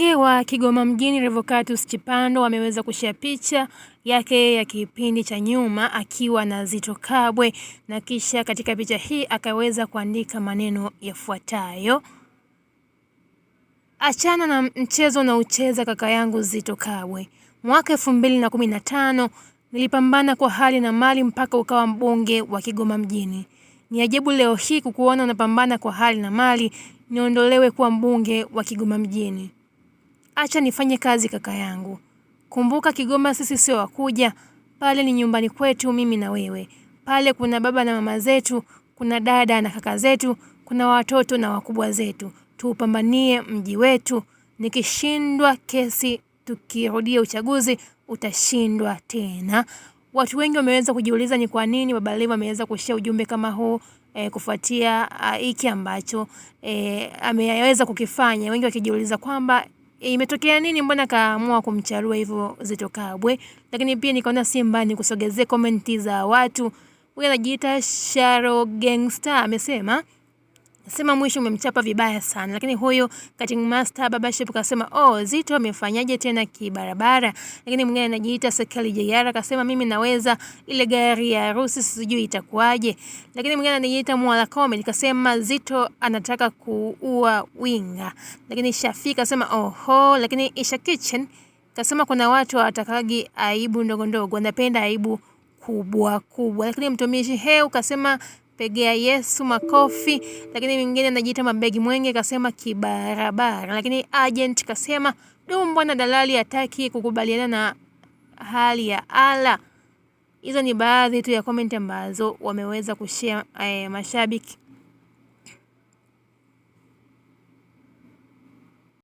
Mbunge wa Kigoma Mjini Revocatus Chipando ameweza kushea picha yake ya kipindi cha nyuma akiwa na Zitto Kabwe na kisha katika picha hii akaweza kuandika maneno yafuatayo: achana na mchezo na ucheza kaka yangu Zitto Kabwe. Mwaka elfu mbili na kumi na tano nilipambana kwa hali na mali mpaka ukawa mbunge wa Kigoma Mjini. Ni ajabu leo hii kukuona unapambana kwa hali na mali niondolewe kuwa mbunge wa Kigoma Mjini acha nifanye kazi kaka yangu. Kumbuka Kigoma sisi sio wakuja, pale ni nyumbani kwetu mimi na wewe. Pale kuna baba na mama zetu, kuna dada na kaka zetu, kuna watoto na wakubwa zetu. Tuupambanie mji wetu. Nikishindwa kesi, tukirudia uchaguzi utashindwa tena. Watu wengi wameweza kujiuliza ni kwa nini Baba Levo ameweza kushia ujumbe kama huu e, kufuatia ah, hiki ambacho e, eh, ameweza kukifanya, wengi wakijiuliza kwamba imetokea nini, mbona kaamua kumcharua hivyo Zitto Kabwe? Lakini pia nikaona si mbaya nikusogezee komenti za watu. Huyu anajiita Sharo Gangster amesema Sema mwisho umemchapa vibaya sana, lakini huyo cutting master Baba Shep kasema oh, Zito amefanyaje tena kibarabara. Lakini mwingine anajiita Sekali JR akasema mimi naweza ile gari ya harusi sijui itakuwaje. Lakini mwingine anajiita Mwala Comedy kasema Zito anataka kuua winga. Lakini Shafi kasema oho. Lakini Isha Kitchen kasema kuna watu watakagi aibu ndogo ndogo, wanapenda aibu kubwa kubwa. Lakini mtumishi Heu kasema anampigia Yesu makofi, lakini mwingine anajiita mabegi mwenge kasema kibarabara, lakini agent kasema dumbo na dalali hataki kukubaliana na hali ya ala. Hizo ni baadhi tu ya komenti ambazo wameweza kushare eh, mashabiki.